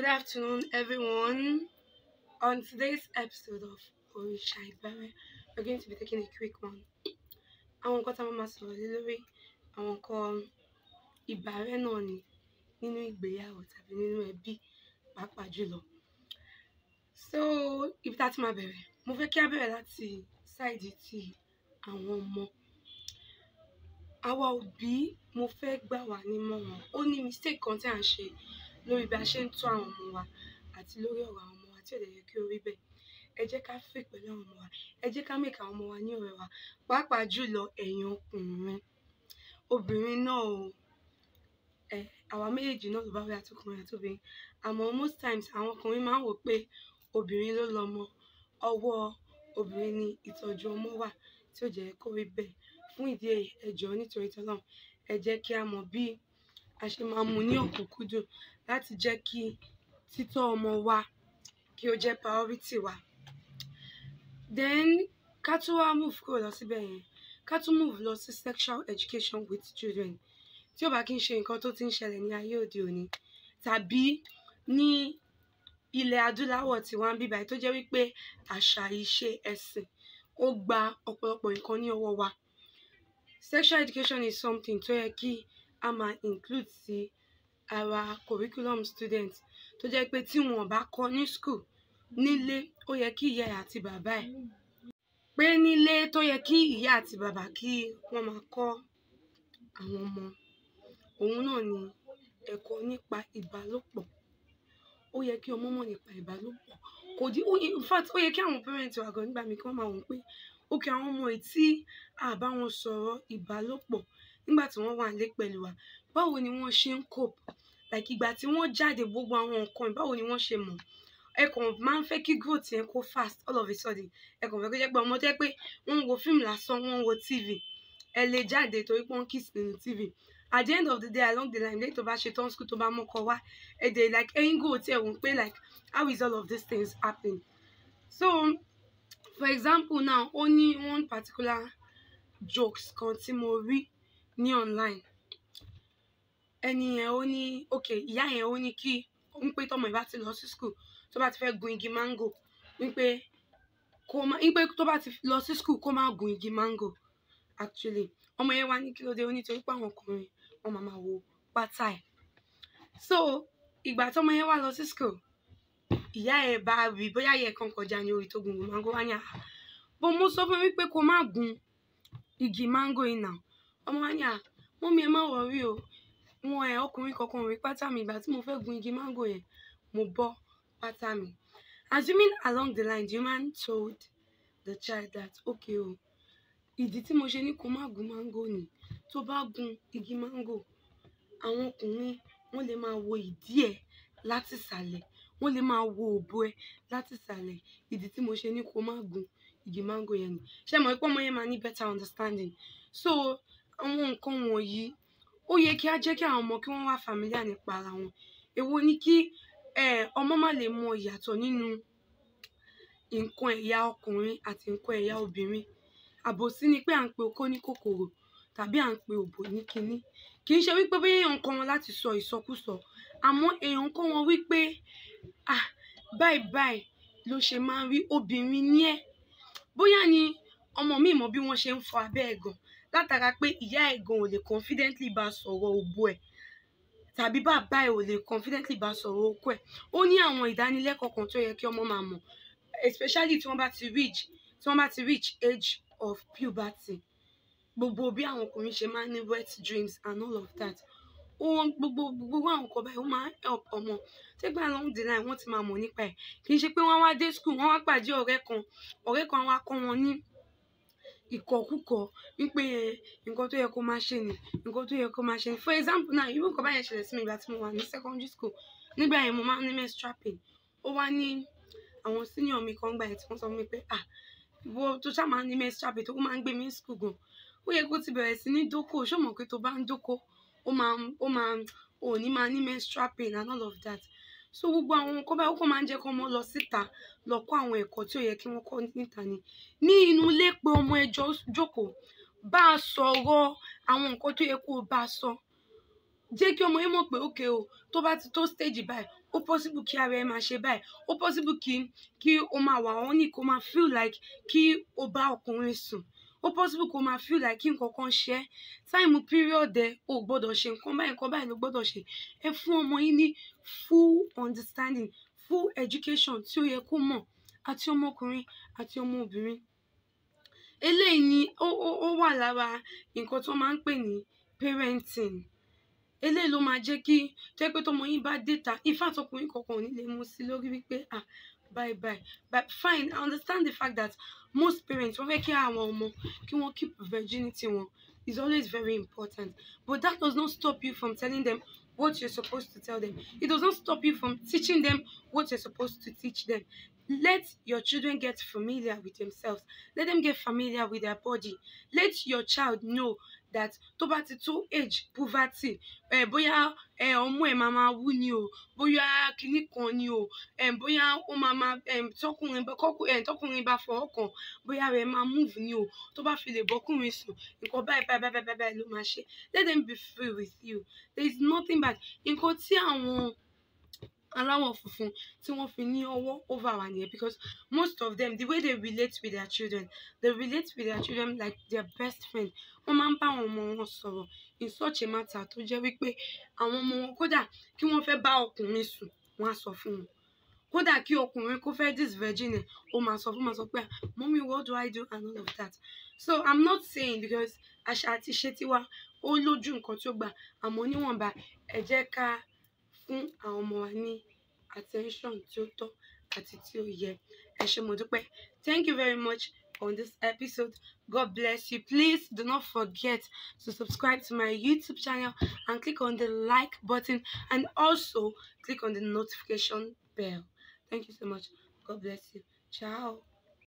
Good afternoon, everyone. On today's episode of Orisha Bare, we're going to be taking a quick one. Àwọn nǹkan to a máa sọ̀rọ̀ lé lórí to call ìbàrẹ́ náà ni nínú ìgbéyàwó tàbí nínú ẹbí pàápàá jùlọ. So, ibi tá a ti máa bẹ̀rẹ̀, mo fẹ́ kí a bẹ̀rẹ̀ láti ṣáìdì ti àwọn ọmọ. Àwa òbí, mo fẹ́ gbà wá nímọ̀ràn. Ó ní mistake kan tí à ń ṣe lórí bí a ṣe ń tọ́ àwọn ọmọ wa àti lórí ọ̀rọ̀ àwọn ọmọ wa tí ò dẹ̀ kí ó rí bẹ́ẹ̀ ẹ jẹ́ ká fè pẹ̀lú àwọn ọmọ wa ẹ jẹ́ ká mèkà àwọn ọmọ wa ní ọ̀rẹ́ wa pàápàá jùlọ ẹ̀yin ọkùnrin obìnrin náà o ẹ àwa méjèèjì náà ló bá wẹ́ àtọkùnrin àtobìnrin àmọ́ most times àwọn ọkùnrin máa ń wò pé obìnrin ló lọ́mọ ọwọ́ obìnrin ni ìtọ́jú ọmọ wà tí ó jẹ́ kó rí bẹ́ẹ̀ fún ìdí èyí nítorí tọ́lọ́run ẹ jẹ́ kí a mọ̀ bí a ṣe máa mú ní òkúnkúndùn láti jẹ́ kí títọ́ ọmọ wa kí ó jẹ́ priority wa then ká tún wá move kúrò lọ síbẹ̀ yẹn ká tún move lọ sí sexual education with children tí ó bá kí n ṣe nǹkan tó ti ń ṣẹlẹ̀ ní ayé òde òní tàbí ní ilẹ̀ adúláwọ̀ tí wọ́n ń bíbá tó jẹ́ wípé àṣà ìṣe ẹ̀sìn ó gba ọ̀pọ̀lọpọ̀ nǹkan ní ọwọ́ wa sexual education is something tó yẹ kí a máa include sí our curriculum student tó jẹ́ pé tí wọn bá kọ́ ní school nílé ó yẹ kí ìyá àti bàbá ẹ̀ pé nílé tó yẹ kí ìyá àti bàbá kí wọ́n máa kọ́ àwọn ọmọ òun náà ni ẹ̀kọ́ nípa ìbálòpọ̀ ó yẹ kí ọmọ mọ̀ nípa ìbálòpọ̀ kò dí in fact ó yẹ kí àwọn parent wa gan nígbà mi kí wọ́n máa wò pé òkè àwọn ọmọ yìí tí a wọn sọ̀rọ̀ ìbálòpọ̀ nígbà tí wọ́n wà nílé pẹ̀lú wa báwo ni wọ́n ṣe ń cope like ìgbà tí wọ́n jáde gbogbo àwọn nǹkan báwo ni wọ́n ṣe mọ̀ ẹ kàn máa ń fẹ́ kí growth yẹn kó fast all of a sudden ẹ kàn fẹ́ kó jẹ́ pé ọmọ jẹ́ pé wọ́n ń wo fíìmù lásán wọ́n ń wo tv ẹ lè jáde torí pé wọ́n kiss nínú tv at the end of the day along the line lẹ́yìn tó bá ṣe tán school tó bá mọ́kọ wá ẹ dẹ̀ like ẹ̀yin go tí ẹ wọ́n pé like how is all of these things happen so for example now ó ní one particular jokes kan tí mo rí ní online ẹni yẹn ó ní ok ìyá yẹn ó ní kí ń pé tọmọ ẹ ti lọ sí school tó bá ti fẹ́ gun igi mango wípé kó má wípé tó bá ti lọ sí school kó má gun igi mango actually ọmọ yẹn wá ní kí ló dé ó nítorí pé àwọn ọkùnrin wọn máa wo pátá ẹ so ìgbà tọmọ yẹn wá lọ sí school ìyá ẹ bá rí bóyá yẹ kan kọjá ní orí tó gun igi mango wá ní àhà ah, bó mo sọ fún mi pé kó má gun igi mango yìí náà ọmọ wa ní à mọ́mí ẹ má wọrí o wọn ẹ ọkùnrin kankan rí pátá mi ìgbà tí mo fẹ́ gun igi máńgò yẹn mo bọ́ pátá mi assuming along the line the woman told the child that okay o ìdí tí mo ṣe ní kó má gun máńgò ni tó bá gun igi máńgò àwọn ọkùnrin wọn lè máa wo ìdí ẹ láti ìsàlẹ̀ wọn lè máa wo òbó ẹ láti ìsàlẹ̀ ìdí tí mo ṣe ní kó má gun igi máńgò yẹn ni ṣé mo pé ọmọ yẹn máa ní better understanding so àwọn nǹkan wọ̀nyí ó yẹ kí á jẹ́ kí àwọn ọmọ kí wọ́n wá familiar nípa ara wọn èwo ni kí ọmọ má lè mọ ìyàtọ̀ nínú nǹkan ẹ̀yà ọkùnrin àti nǹkan ẹ̀yà obìnrin àbòsí ni pé à ń pe okó ní kòkòrò tàbí à ń pe òbò ní kinní kì í ṣe wípé bí èèyàn kọ́ wọn láti sọ ìsọkúsọ àmọ́ èèyàn kọ́ wọn wípé ah báyìí báyìí ló ṣe máa ń rí obìnrin ní ẹ bóyá ni ọmọ mi mọ bí wọ́n ṣe ń fọ abẹ́ ẹ̀gàn látara pé ìyá ẹ̀ gan ò lè confidently bá sọ̀rọ̀ òbó ẹ̀ tàbí bàbá ẹ̀ ò lè confidently bá sọ̀rọ̀ okó ẹ̀ ó ní àwọn ìdánilẹ́kọ̀ọ́ kan tó yẹ kí ọmọ máa mọ̀ especially tí wọ́n bá ti reach tí wọ́n bá ti reach age of puberty gbogbo bí àwọn ọkùnrin ṣe máa ń ní wet dreams and all of that ohun gbogbo gbogbo àwọn nǹkan báyìí ó máa ń help ọmọ tẹgbà long the line wọ́n ti máa mọ̀ nípa ẹ̀ kì í ṣe pé wọ́n wá dé school wọ́n wá pàdé ọ̀rẹ́ kan ọ̀rẹ́ kan wá kọ́ wọn ní ìkọkúkọ wípé nǹkan tó yẹ kó máa ṣe ni nǹkan tó yẹ kó máa ṣe ni for example náà irú nǹkan báyẹn ṣẹlẹ̀ sí mi ìgbà tí mo wà ní secondary school nígbà yẹn mo máa ń ní menstrual pain ó wá ní àwọn senior mi kan gbà yẹn tí wọ́n sọ fún pé ah wo tó ṣáà máa ń ní menstrual pain tó máa ń gbé mi ní school gan ó yẹ kó ti bẹ̀rẹ̀ sí ní dóko ṣó mọ̀ pé tó bá ń dóko ó máa ó máa ò ní máa ní menstrual pain and all of that so gbogbo àwọn nǹkan báyìí ó kàn máa ń jẹ́ kí ọmọ lọ síta lọ kọ́ àwọn ẹ̀kọ́ tí ó yẹ kí wọ́n kọ́ níta ni ní inú ilé pé ọmọ ẹ jókòó bá a sọ̀rọ̀ àwọn nǹkan tó yẹ kó o bá a sọ jẹ́ kí ọmọ yẹn mọ̀ pé ókè o tó bá ti tó stage báyìí ó possible kí ara ẹ máa ṣe báyìí ó possible kí kí o máa wà ọ́ ní máa feel like kí o bá ọkùnrin sùn ó possible kó máa feel like kí nǹkan kan ṣe ẹ́ táìmù period ẹ ò gbọ́dọ̀ ṣe nǹkan báyìí nǹkan báyìí ló gbọ́dọ̀ ṣe ẹ fún ọmọ yín ní full understanding full education tí ó yẹ kó mọ̀ àti ọmọkùnrin àti ọmọbìnrin eléyìí ni ó ó ó wà lára nǹkan tó máa ń pè ní parenting eléyìí ló máa jẹ́ kí tó yẹ pé tọmọ yín bá dé ta ìfàtọkùnrin kankan ò ní lè mú sí lórí wípé ah bye bye but fine i understand the fact that most parents when they care about more, can want keep virginity more is always very important but that does not stop you from telling them what you're supposed to tell them it does not stop you from teaching them what you're supposed to teach them let your children get familiar with themselves let them get familiar with their body let your child know that tó bá ti tó age puberty ẹ bóyá ẹ ọmú ẹ máa máa wú ni o bóyá kinní kan ni o ẹ bóyá ó máa máa ẹ tọkùnrin ẹ tọkùnrin bá fọwọ́ kàn bóyá rẹ máa move ni o tó bá fi lè bọ́kùnrin sùn nǹkan báyìí báyìí báyìí báyìí ló máa ṣe let them be free with you there is nothing bad nǹkan tí àwọn aláwọ̀ funfun tí wọ́n fi ní ọwọ́ over wa nìyẹn because most of them the way they relate with their children they relate with their children like their best friend wọ́n máa ń bá àwọn ọmọ wọn sọ̀rọ̀ in such a matter tó jẹ́ wípé àwọn ọmọ wọn kódà kí wọ́n fẹ́ bá ọkùnrin sùn wọ́n á sọ fún wọn kódà kí ọkùnrin kó fẹ́ dis virgin ẹ̀ ó máa sọ fún máa sọ pé ah, mommy what do I do and all of that so I'm not saying because àṣà àti ìṣe tiwa ó lójú nǹkan tí ó gbà àmọ́ níwọ̀nba ẹ ká fún àwọn ní attention tí ó tọ́ àti tí ó yẹ ẹ ṣé mo dúpẹ́ thank you very much on this episode god bless you please do not forget to subscribe to my youtube channel and click on the like button and also click on the notification bell thank you so much god bless you ciao